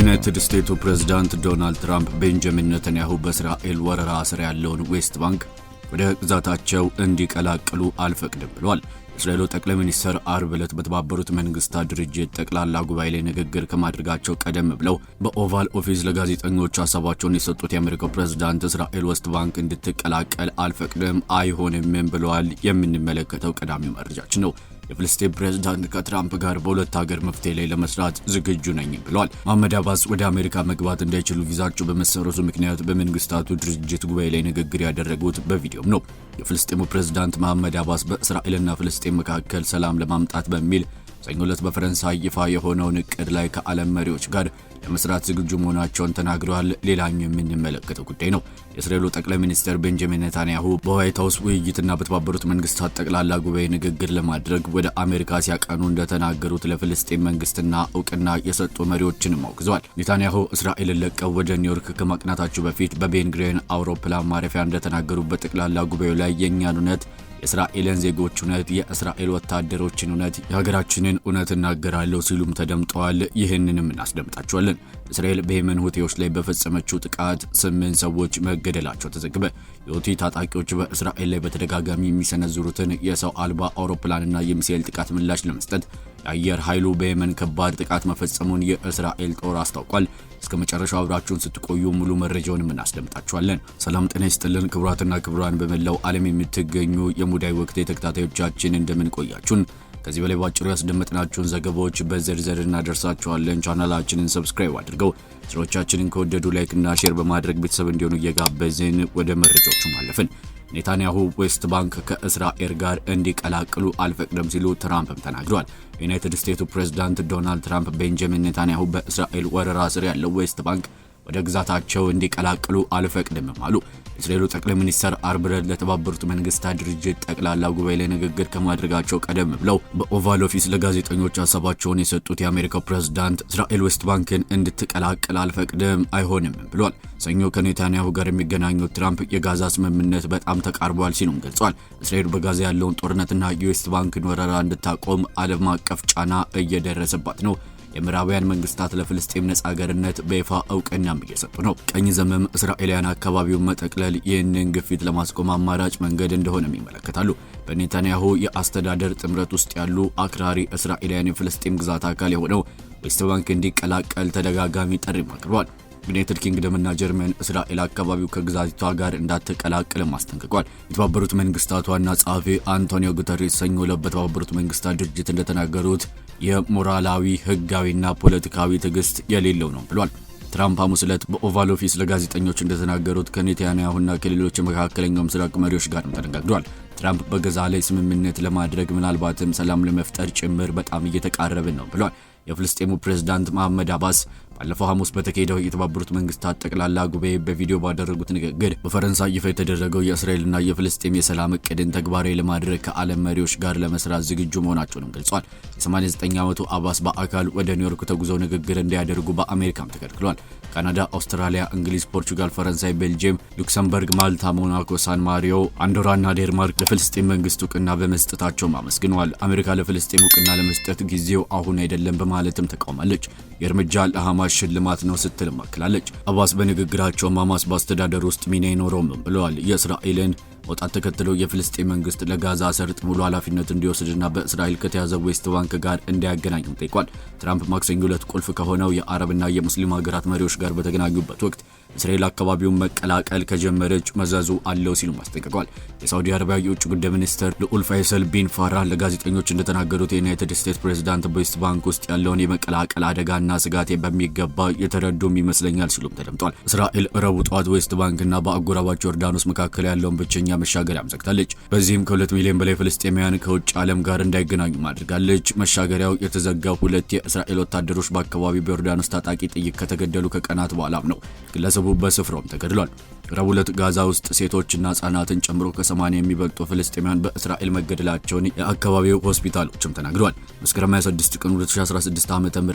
የዩናይትድ ስቴቱ ፕሬዝዳንት ዶናልድ ትራምፕ ቤንጃሚን ነተንያሁ በእስራኤል ወረራ ስር ያለውን ዌስት ባንክ ወደ ግዛታቸው እንዲቀላቅሉ አልፈቅድም ብሏል። የእስራኤሉ ጠቅላይ ሚኒስትር አርብ ዕለት በተባበሩት መንግስታት ድርጅት ጠቅላላ ጉባኤ ላይ ንግግር ከማድረጋቸው ቀደም ብለው በኦቫል ኦፊስ ለጋዜጠኞች ሀሳባቸውን የሰጡት የአሜሪካው ፕሬዝዳንት እስራኤል ዌስት ባንክ እንድትቀላቀል አልፈቅድም፣ አይሆንምም ብለዋል። የምንመለከተው ቀዳሚ መረጃችን ነው። የፍልስጤን ፕሬዝዳንት ከትራምፕ ጋር በሁለት ሀገር መፍትሄ ላይ ለመስራት ዝግጁ ነኝ ብሏል። መሐመድ አባስ ወደ አሜሪካ መግባት እንዳይችሉ ቪዛቸው በመሰረቱ ምክንያት በመንግስታቱ ድርጅት ጉባኤ ላይ ንግግር ያደረጉት በቪዲዮም ነው። የፍልስጤሙ ፕሬዝዳንት መሐመድ አባስ በእስራኤልና ፍልስጤን መካከል ሰላም ለማምጣት በሚል ሰኞ ዕለት በፈረንሳይ ይፋ የሆነውን እቅድ ላይ ከዓለም መሪዎች ጋር ለመስራት ዝግጁ መሆናቸውን ተናግረዋል። ሌላኛው የምንመለከተው ጉዳይ ነው። የእስራኤሉ ጠቅላይ ሚኒስትር ቤንጃሚን ኔታንያሁ በዋይት ሀውስ ውይይትና በተባበሩት መንግስታት ጠቅላላ ጉባኤ ንግግር ለማድረግ ወደ አሜሪካ ሲያቀኑ እንደተናገሩት ለፍልስጤን መንግስትና እውቅና የሰጡ መሪዎችንም አውግዘዋል። ኔታንያሁ እስራኤልን ለቀው ወደ ኒውዮርክ ከማቅናታቸው በፊት በቤንግሬን አውሮፕላን ማረፊያ እንደተናገሩበት ጠቅላላ ጉባኤው ላይ የእኛን እውነት የእስራኤልን ዜጎች እውነት፣ የእስራኤል ወታደሮችን እውነት፣ የሀገራችንን እውነት እናገራለሁ ሲሉም ተደምጠዋል። ይህንንም እናስደምጣቸዋለን። እስራኤል በየመን ሁቴዎች ላይ በፈጸመችው ጥቃት ስምንት ሰዎች መገደላቸው ተዘግበ። የሁቲ ታጣቂዎች በእስራኤል ላይ በተደጋጋሚ የሚሰነዝሩትን የሰው አልባ አውሮፕላንና የሚሳኤል ጥቃት ምላሽ ለመስጠት የአየር ኃይሉ በየመን ከባድ ጥቃት መፈጸሙን የእስራኤል ጦር አስታውቋል። እስከ መጨረሻው አብራችሁን ስትቆዩ ሙሉ መረጃውን እናስደምጣችኋለን። ሰላም ጤና ይስጥልን ክቡራትና ክቡራን፣ በመላው ዓለም የምትገኙ የሙዳይ ወቅት ተከታታዮቻችን እንደምን ቆያችሁን? ከዚህ በላይ ባጭሩ ያስደመጥናችሁን ዘገባዎች በዝርዝር እናደርሳችኋለን። ቻናላችንን ሰብስክራይብ አድርገው ስራዎቻችንን ከወደዱ ላይክና ሼር በማድረግ ቤተሰብ እንዲሆኑ እየጋበዝን ወደ መረጃዎቹ ማለፍን ኔታንያሁ ዌስት ባንክ ከእስራኤል ጋር እንዲቀላቅሉ አልፈቅድም ሲሉ ትራምፕም ተናግሯል። ዩናይትድ ስቴቱ ፕሬዝዳንት ዶናልድ ትራምፕ ቤንጃሚን ኔታንያሁ በእስራኤል ወረራ ስር ያለው ዌስት ባንክ ወደ ግዛታቸው እንዲቀላቀሉ አልፈቅድምም አሉ። የእስራኤሉ ጠቅላይ ሚኒስትር አርብ ለተባበሩት መንግስታት ድርጅት ጠቅላላ ጉባኤ ላይ ንግግር ከማድረጋቸው ቀደም ብለው በኦቫል ኦፊስ ለጋዜጠኞች ሀሳባቸውን የሰጡት የአሜሪካው ፕሬዝዳንት እስራኤል ዌስት ባንክን እንድትቀላቀል አልፈቅድም፣ አይሆንም ብሏል። ሰኞ ከኔታንያሁ ጋር የሚገናኙት ትራምፕ የጋዛ ስምምነት በጣም ተቃርቧል ሲሉም ገልጿል። እስራኤል በጋዛ ያለውን ጦርነትና የዌስት ባንክን ወረራ እንድታቆም ዓለም አቀፍ ጫና እየደረሰባት ነው። የምዕራባውያን መንግስታት ለፍልስጤም ነጻ አገርነት በይፋ እውቅናም እየሰጡ ነው። ቀኝ ዘመም እስራኤላውያን አካባቢውን መጠቅለል ይህንን ግፊት ለማስቆም አማራጭ መንገድ እንደሆነም ይመለከታሉ። በኔታንያሁ የአስተዳደር ጥምረት ውስጥ ያሉ አክራሪ እስራኤላውያን የፍልስጤም ግዛት አካል የሆነው ዌስት ባንክ እንዲቀላቀል ተደጋጋሚ ጠሪ አቅርቧል። ዩናይትድ ኪንግደም እና ጀርመን እስራኤል አካባቢው ከግዛቲቷ ጋር እንዳትቀላቅልም አስጠንቅቋል። የተባበሩት መንግስታት ዋና ጸሐፊ አንቶኒዮ ጉተሬስ ሰኞ ዕለት በተባበሩት መንግስታት ድርጅት እንደተናገሩት የሞራላዊ ህጋዊና ፖለቲካዊ ትዕግስት የሌለው ነው ብሏል። ትራምፕ ሐሙስ ዕለት በኦቫል ኦፊስ ለጋዜጠኞች እንደተናገሩት ከኔታንያሁና ከሌሎች የመካከለኛው ምስራቅ መሪዎች ጋርም ተነጋግዷል። ትራምፕ በገዛ ላይ ስምምነት ለማድረግ ምናልባትም ሰላም ለመፍጠር ጭምር በጣም እየተቃረብን ነው ብሏል። የፍልስጤሙ ፕሬዝዳንት መሐመድ አባስ ባለፈው ሐሙስ በተካሄደው የተባበሩት መንግስታት ጠቅላላ ጉባኤ በቪዲዮ ባደረጉት ንግግር በፈረንሳይ ይፋ የተደረገው የእስራኤልና የፍልስጤም የሰላም እቅድን ተግባራዊ ለማድረግ ከዓለም መሪዎች ጋር ለመስራት ዝግጁ መሆናቸውንም ገልጿል። የ89 ዓመቱ አባስ በአካል ወደ ኒውዮርክ ተጉዘው ንግግር እንዲያደርጉ በአሜሪካም ተከልክሏል። ካናዳ፣ አውስትራሊያ፣ እንግሊዝ፣ ፖርቹጋል፣ ፈረንሳይ፣ ቤልጅየም፣ ሉክሰምበርግ፣ ማልታ፣ ሞናኮ፣ ሳን ማሪዮ፣ አንዶራና ዴንማርክ ለፍልስጤም መንግስት እውቅና በመስጠታቸውም አመስግነዋል። አሜሪካ ለፍልስጤም እውቅና ለመስጠት ጊዜው አሁን አይደለም በማለትም ተቃውማለች። የእርምጃ ለሐማስ ሽልማት ነው ስትል መክላለች። አባስ በንግግራቸውም ሐማስ በአስተዳደር ውስጥ ሚና አይኖረውም ብለዋል። የእስራኤልን መውጣት ተከትሎ የፍልስጤም መንግስት ለጋዛ ሰርጥ ሙሉ ኃላፊነት እንዲወስድና በእስራኤል ከተያዘ ዌስት ባንክ ጋር እንዲያገናኝም ጠይቋል። ትራምፕ ማክሰኞ ዕለት ቁልፍ ከሆነው የአረብና የሙስሊም ሀገራት መሪዎች ጋር በተገናኙበት ወቅት እስራኤል አካባቢውን መቀላቀል ከጀመረች መዘዙ አለው ሲሉ አስጠንቅቀዋል። የሳዑዲ አረቢያ የውጭ ጉዳይ ሚኒስትር ልዑል ፋይሰል ቢን ፋራ ለጋዜጠኞች እንደተናገሩት የዩናይትድ ስቴትስ ፕሬዚዳንት በዌስት ባንክ ውስጥ ያለውን የመቀላቀል አደጋና ስጋቴ በሚገባ የተረዱም ይመስለኛል ሲሉም ተደምጧል። እስራኤል ረቡዕ ጠዋት ዌስት ባንክና በአጎራባቸው ዮርዳኖስ መካከል ያለውን ብቸኛ መሻገሪያ ዘግታለች። በዚህም ከሁለት ሚሊዮን በላይ ፍልስጤማውያን ከውጭ ዓለም ጋር እንዳይገናኙ አድርጋለች። መሻገሪያው የተዘጋው ሁለት የእስራኤል ወታደሮች በአካባቢው በዮርዳኖስ ታጣቂ ጥይት ከተገደሉ ከቀናት በኋላም ነው። ግለሰ ግለሰቡ በስፍራውም ተገድሏል። ረቡዕ ዕለት ጋዛ ውስጥ ሴቶችና ህጻናትን ጨምሮ ከ80 የሚበልጡ ፍልስጤማውያን በእስራኤል መገደላቸውን የአካባቢው ሆስፒታሎችም ተናግረዋል። መስከረም 26 ቀን 2016 ዓ.ም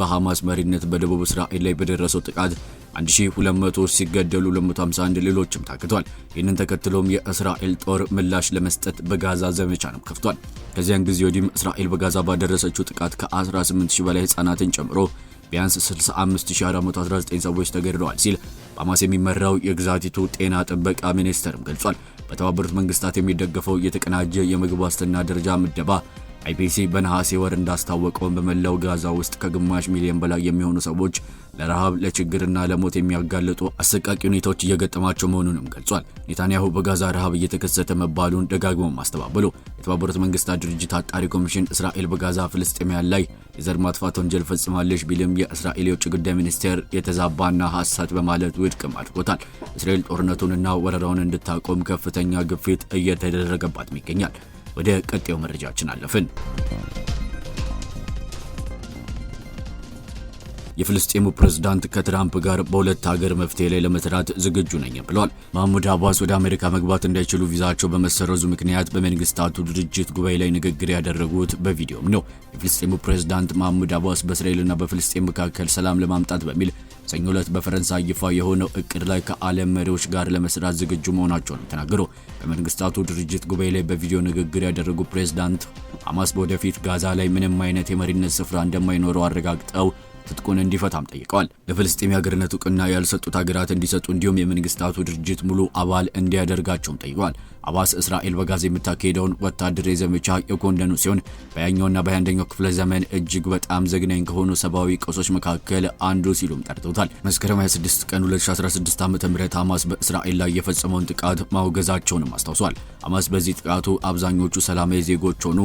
በሐማስ መሪነት በደቡብ እስራኤል ላይ በደረሰው ጥቃት 1200 ሲገደሉ 251 ሌሎችም ታግተዋል። ይህንን ተከትሎም የእስራኤል ጦር ምላሽ ለመስጠት በጋዛ ነው ከፍቷል። ከዚያን ጊዜ ወዲህም እስራኤል በጋዛ ባደረሰችው ጥቃት ከ18000 በላይ ህጻናትን ጨምሮ ቢያንስ 65419 ሰዎች ተገድለዋል ሲል በሐማስ የሚመራው የግዛቲቱ ጤና ጥበቃ ሚኒስቴርም ገልጿል። በተባበሩት መንግስታት የሚደገፈው የተቀናጀ የምግብ ዋስትና ደረጃ ምደባ አይፒሲ በነሐሴ ወር እንዳስታወቀውን በመላው ጋዛ ውስጥ ከግማሽ ሚሊዮን በላይ የሚሆኑ ሰዎች ለረሃብ ለችግርና ለሞት የሚያጋልጡ አሰቃቂ ሁኔታዎች እየገጠማቸው መሆኑንም ገልጿል። ኔታንያሁ በጋዛ ረሃብ እየተከሰተ መባሉን ደጋግመው ማስተባበሉ የተባበሩት መንግስታት ድርጅት አጣሪ ኮሚሽን እስራኤል በጋዛ ፍልስጤማያን ላይ የዘር ማጥፋት ወንጀል ፈጽማለች ቢልም የእስራኤል የውጭ ጉዳይ ሚኒስቴር የተዛባና ሐሰት በማለት ውድቅም አድርጎታል። እስራኤል ጦርነቱንና ወረራውን እንድታቆም ከፍተኛ ግፊት እየተደረገባትም ይገኛል። ወደ ቀጤው መረጃችን አለፍን። የፍልስጤሙ ፕሬዝዳንት ከትራምፕ ጋር በሁለት ሀገር መፍትሄ ላይ ለመስራት ዝግጁ ነኝ ብሏል። ማህሙድ አባስ ወደ አሜሪካ መግባት እንዳይችሉ ቪዛቸው በመሰረዙ ምክንያት በመንግስታቱ ድርጅት ጉባኤ ላይ ንግግር ያደረጉት በቪዲዮም ነው። የፍልስጤሙ ፕሬዝዳንት ማህሙድ አባስ በእስራኤልና በፍልስጤን መካከል ሰላም ለማምጣት በሚል ሰኞ ዕለት በፈረንሳይ ይፋ የሆነው እቅድ ላይ ከዓለም መሪዎች ጋር ለመስራት ዝግጁ መሆናቸውን ተናገሩ። በመንግስታቱ ድርጅት ጉባኤ ላይ በቪዲዮ ንግግር ያደረጉ ፕሬዝዳንት ሐማስ በወደፊት ጋዛ ላይ ምንም አይነት የመሪነት ስፍራ እንደማይኖረው አረጋግጠው ትጥቁን እንዲፈታም ጠይቀዋል። ለፍልስጤም የሀገርነት እውቅና ያልሰጡት ሀገራት እንዲሰጡ እንዲሁም የመንግስታቱ ድርጅት ሙሉ አባል እንዲያደርጋቸውም ጠይቀዋል። አባስ እስራኤል በጋዛ የምታካሄደውን ወታደራዊ ዘመቻ የኮንደኑ ሲሆን በያኛውና በአንደኛው ክፍለ ዘመን እጅግ በጣም ዘግናኝ ከሆኑ ሰብአዊ ቀውሶች መካከል አንዱ ሲሉም ጠርተውታል። መስከረም 26 ቀን 2016 ዓ ም ሐማስ በእስራኤል ላይ የፈጸመውን ጥቃት ማውገዛቸውንም አስታውሷል። ሐማስ በዚህ ጥቃቱ አብዛኞቹ ሰላማዊ ዜጎች ሆኑ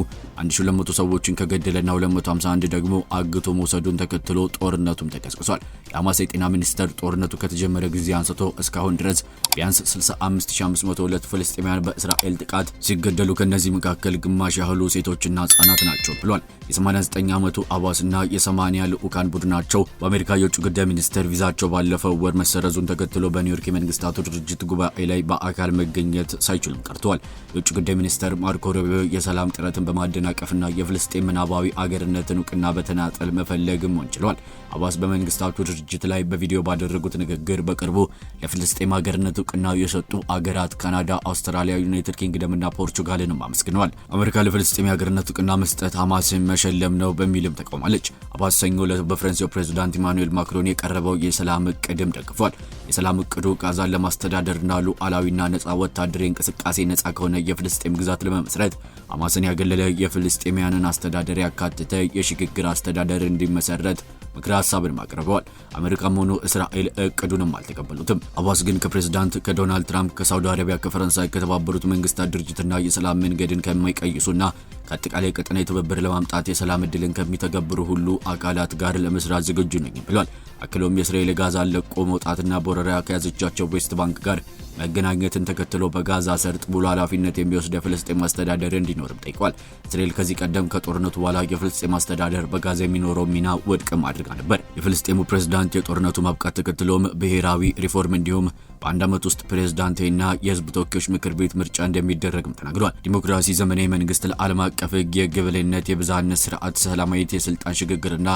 1200 ሰዎችን ከገደለና 251 ደግሞ አግቶ መውሰዱን ተከትሎ ጦርነቱም ተቀስቅሷል። የሐማስ የጤና ሚኒስተር ጦርነቱ ከተጀመረ ጊዜ አንስቶ እስካሁን ድረስ ቢያንስ 65502 ፍልስጤማውያን በእስራኤል ጥቃት ሲገደሉ ከእነዚህ መካከል ግማሽ ያህሉ ሴቶችና ህጻናት ናቸው ብሏል። የ89 ዓመቱ አባስና የ80 ልዑካን ቡድናቸው በአሜሪካ የውጭ ጉዳይ ሚኒስቴር ቪዛቸው ባለፈው ወር መሰረዙን ተከትሎ በኒውዮርክ የመንግስታቱ ድርጅት ጉባኤ ላይ በአካል መገኘት ሳይችሉም ቀርተዋል። የውጭ ጉዳይ ሚኒስተር ማርኮ ሩቢዮ የሰላም ጥረትን በማደናቀፍና የፍልስጤም ምናባዊ አገርነትን እውቅና በተናጠል መፈለግም ወንጅለዋል። ተናግረዋል። አባስ በመንግስታቱ ድርጅት ላይ በቪዲዮ ባደረጉት ንግግር በቅርቡ ለፍልስጤም ሀገርነት እውቅና የሰጡ አገራት ካናዳ፣ አውስትራሊያ፣ ዩናይትድ ኪንግደምና ፖርቹጋልንም አመስግነዋል። አሜሪካ ለፍልስጤም የሀገርነት እውቅና መስጠት ሐማስን መሸለም ነው በሚልም ተቃውማለች። አባስ ሰኞ ዕለት በፈረንሳዩ ፕሬዚዳንት ኢማኑኤል ማክሮን የቀረበው የሰላም እቅድም ደግፏል። የሰላም እቅዱ ጋዛን ለማስተዳደርና ሉዓላዊና ነፃ ወታደራዊ እንቅስቃሴ ነፃ ከሆነ የፍልስጤም ግዛት ለመመስረት ሐማስን ያገለለ የፍልስጤሚያንን አስተዳደር ያካተተ የሽግግር አስተዳደር እንዲመሰረት ምክረ ሀሳብንም አቅርበዋል። አሜሪካም ሆኑ እስራኤል እቅዱንም አልተቀበሉትም። አባስ ግን ከፕሬዚዳንት ከዶናልድ ትራምፕ ከሳውዲ አረቢያ፣ ከፈረንሳይ፣ ከተባበሩት መንግስታት ድርጅትና የሰላም መንገድን ከማይቀይሱና ከአጠቃላይ ቀጠና የትብብር ለማምጣት የሰላም እድልን ከሚተገብሩ ሁሉ አካላት ጋር ለመስራት ዝግጁ ነኝ ብሏል። አክሎም የእስራኤል ጋዛን ለቆ መውጣትና በወረራ ከያዘቻቸው ዌስት ባንክ ጋር መገናኘትን ተከትሎ በጋዛ ሰርጥ ሙሉ ኃላፊነት የሚወስድ የፍልስጤም አስተዳደር እንዲኖርም ጠይቋል። እስራኤል ከዚህ ቀደም ከጦርነቱ በኋላ የፍልስጤም አስተዳደር በጋዛ የሚኖረው ሚና ወድቅም አድርጋ ነበር። የፍልስጤሙ ፕሬዝዳንት የጦርነቱ ማብቃት ተከትሎም ብሔራዊ ሪፎርም እንዲሁም በአንድ ዓመት ውስጥ ፕሬዝዳንቴና የህዝብ ተወካዮች ምክር ቤት ምርጫ እንደሚደረግም ተናግሯል። ዲሞክራሲ ዘመናዊ መንግስት ለዓለም አቀፍ ሕግ የብዛነ የብዝሃነት ስርዓት ሰላማዊት የስልጣን ሽግግርና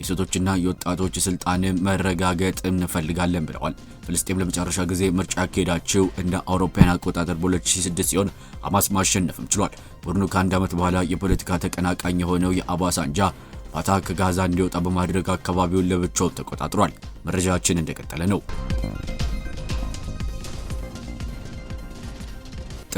የሴቶችና የወጣቶች ስልጣን መረጋገጥ እንፈልጋለን ብለዋል። ፍልስጤም ለመጨረሻ ጊዜ ምርጫ ያካሄዳችው እንደ አውሮፓውያን አቆጣጠር በ2006 ሲሆን ሐማስ ማሸነፍም ችሏል። ቡድኑ ከአንድ ዓመት በኋላ የፖለቲካ ተቀናቃኝ የሆነው የአባስ አንጃ ፋታ ከጋዛ እንዲወጣ በማድረግ አካባቢውን ለብቻው ተቆጣጥሯል። መረጃችን እንደቀጠለ ነው።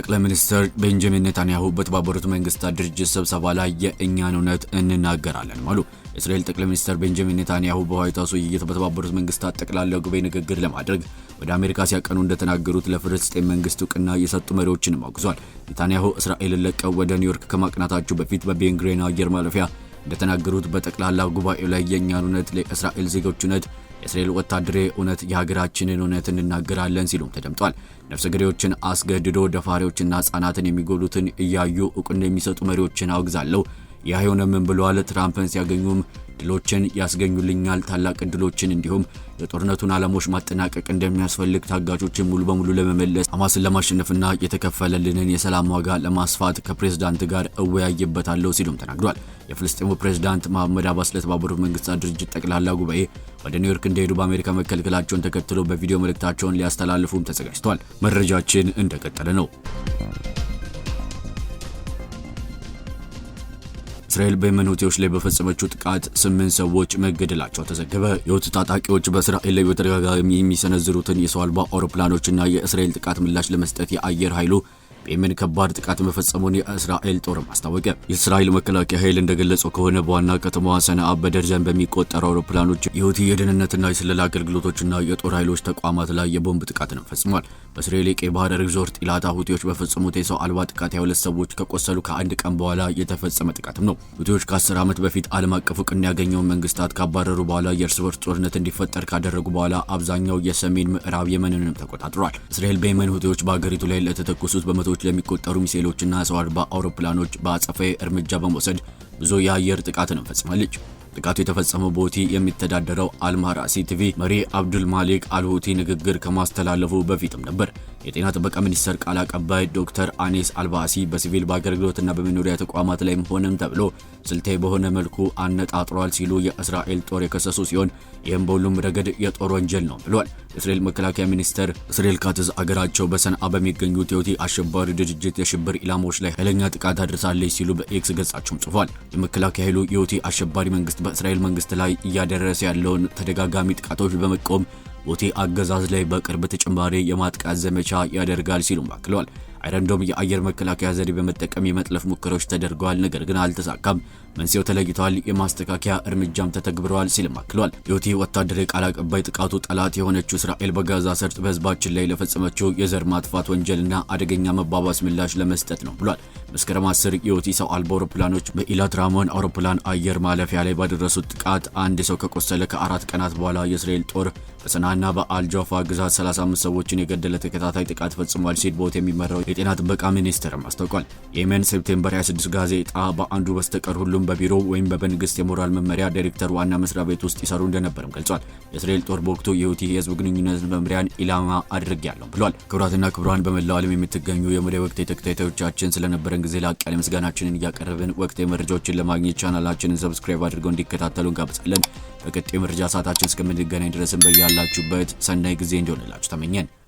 ጠቅላይ ሚኒስትር ቤንጃሚን ኔታንያሁ በተባበሩት መንግስታት ድርጅት ስብሰባ ላይ የእኛን እውነት እንናገራለን አሉ። የእስራኤል ጠቅላይ ሚኒስትር ቤንጃሚን ኔታንያሁ በዋይት ሀውስ ውይይት በተባበሩት መንግስታት ጠቅላላ ጉባኤ ንግግር ለማድረግ ወደ አሜሪካ ሲያቀኑ እንደተናገሩት ለፍልስጤም መንግስት እውቅና የሰጡ መሪዎችን አውግዟል። ኔታንያሁ እስራኤልን ለቀው ወደ ኒውዮርክ ከማቅናታቸው በፊት በቤንግሬን አየር ማለፊያ እንደተናገሩት በጠቅላላ ጉባኤው ላይ የእኛን እውነት ለእስራኤል ዜጎች እውነት የእስራኤል ወታደራዊ እውነት የሀገራችንን እውነት እንናገራለን ሲሉም ተደምጧል። ነፍሰ ገዳዮችን አስገድዶ ደፋሪዎችና ህጻናትን የሚጎሉትን እያዩ እውቅና የሚሰጡ መሪዎችን አውግዛለሁ። ይህ አይሆነም ብለዋል። ትራምፕን ሲያገኙም ድሎችን ያስገኙልኛል፣ ታላቅ እድሎችን፣ እንዲሁም የጦርነቱን ዓላማዎች ማጠናቀቅ እንደሚያስፈልግ ታጋቾችን ሙሉ በሙሉ ለመመለስ ሐማስን ለማሸነፍና የተከፈለልንን የሰላም ዋጋ ለማስፋት ከፕሬዝዳንት ጋር እወያይበታለሁ ሲሉም ተናግሯል። የፍልስጤሙ ፕሬዝዳንት መሐመድ አባስ ለተባበሩት መንግስታት ድርጅት ጠቅላላ ጉባኤ ወደ ኒውዮርክ እንደሄዱ በአሜሪካ መከልከላቸውን ተከትሎ በቪዲዮ መልእክታቸውን ሊያስተላልፉም ተዘጋጅቷል። መረጃችን እንደቀጠለ ነው። እስራኤል በየመን ላይ በፈጸመችው ጥቃት ስምንት ሰዎች መገደላቸው ተዘገበ። የሁቲ ታጣቂዎች በእስራኤል ላይ በተደጋጋሚ የሚሰነዝሩትን የሰው አልባ አውሮፕላኖችና የእስራኤል ጥቃት ምላሽ ለመስጠት የአየር ኃይሉ በየመን ከባድ ጥቃት መፈጸሙን የእስራኤል ጦር ማስታወቂያ የእስራኤል መከላከያ ኃይል እንደገለጸው ከሆነ በዋና ከተማዋ ሰነአ በደርዘን በሚቆጠሩ አውሮፕላኖች የሁቲ የደህንነትና የስለላ አገልግሎቶችና የጦር ኃይሎች ተቋማት ላይ የቦምብ ጥቃትን ፈጽሟል። በእስራኤል የቀይ ባህር ሪዞርት ኢላታ ሁቲዎች በፈጸሙት የሰው አልባ ጥቃት የሁለት ሰዎች ከቆሰሉ ከአንድ ቀን በኋላ የተፈጸመ ጥቃትም ነው። ሁቲዎች ከ10 ዓመት በፊት ዓለም አቀፍ እውቅና ያገኘውን መንግስታት ካባረሩ በኋላ የእርስ በርስ ጦርነት እንዲፈጠር ካደረጉ በኋላ አብዛኛው የሰሜን ምዕራብ የመንንም ተቆጣጥሯል። እስራኤል በየመን ሁቲዎች በአገሪቱ ላይ ለተተኮሱት በመቶ በመቶዎች ለሚቆጠሩ ሚሳኤሎችና ሰው አልባ አውሮፕላኖች በአጸፋዊ እርምጃ በመውሰድ ብዙ የአየር ጥቃትን ፈጽማለች። ጥቃቱ የተፈጸመው በሁቲ የሚተዳደረው አልማራሲ ቲቪ መሪ አብዱል ማሊክ አልሁቲ ንግግር ከማስተላለፉ በፊትም ነበር። የጤና ጥበቃ ሚኒስቴር ቃል አቀባይ ዶክተር አኔስ አልባሲ በሲቪል በአገልግሎትና በመኖሪያ ተቋማት ላይም ሆነም ተብሎ ስልታዊ በሆነ መልኩ አነጣጥሯል ሲሉ የእስራኤል ጦር የከሰሱ ሲሆን ይህም በሁሉም ረገድ የጦር ወንጀል ነው ብሏል። እስራኤል መከላከያ ሚኒስቴር እስራኤል ካትዝ አገራቸው በሰንዓ በሚገኙት የሁቲ አሸባሪ ድርጅት የሽብር ኢላማዎች ላይ ኃይለኛ ጥቃት አድርሳለች ሲሉ በኤክስ ገጻቸውም ጽፏል። የመከላከያ ኃይሉ የሁቲ አሸባሪ መንግስት በእስራኤል መንግስት ላይ እያደረሰ ያለውን ተደጋጋሚ ጥቃቶች በመቃወም ቦቴ አገዛዝ ላይ በቅርብ ተጨማሪ የማጥቃት ዘመቻ ያደርጋል ሲሉም አክለዋል። አይረንዶም የአየር መከላከያ ዘዴ በመጠቀም የመጥለፍ ሙከራዎች ተደርገዋል፣ ነገር ግን አልተሳካም። መንስኤው ተለይቷል፣ የማስተካከያ እርምጃም ተተግብረዋል ሲልም አክሏል። የሁቲ ወታደራዊ ቃል አቀባይ ጥቃቱ ጠላት የሆነችው እስራኤል በጋዛ ሰርጥ በህዝባችን ላይ ለፈጸመችው የዘር ማጥፋት ወንጀልና አደገኛ መባባስ ምላሽ ለመስጠት ነው ብሏል። መስከረም 10 የሁቲ ሰው አልባ አውሮፕላኖች በኢላት ራሞን አውሮፕላን አየር ማለፊያ ላይ ባደረሱት ጥቃት አንድ ሰው ከቆሰለ ከአራት ቀናት በኋላ የእስራኤል ጦር በሰናና በአልጃፋ ግዛት 35 ሰዎችን የገደለ ተከታታይ ጥቃት ፈጽሟል ሲል ቦት የሚመራው የጤና ጥበቃ ሚኒስቴርም አስታውቋል። የየመን ሴፕቴምበር 26 ጋዜጣ በአንዱ በስተቀር ሁሉም በቢሮ ወይም በመንግስት የሞራል መመሪያ ዳይሬክተር ዋና መስሪያ ቤት ውስጥ ይሰሩ እንደነበርም ገልጿል። የእስራኤል ጦር በወቅቱ የሁቲ የህዝብ ግንኙነት መምሪያን ኢላማ ያለው ብሏል። ክቡራትና ክቡራን በመላው ዓለም የምትገኙ የሙዳይ ወቅት ተከታታዮቻችን ስለነበረን ጊዜ ላቅ ያለ ምስጋናችንን እያቀረብን ወቅት መረጃዎችን ለማግኘት ቻናላችንን ሰብስክራይብ አድርገው እንዲከታተሉ እንጋብዛለን። በቀጣዩ መረጃ ሰዓታችን እስከምንገናኝ ድረስን በያላችሁበት ሰናይ ጊዜ እንዲሆንላችሁ ተመኘን።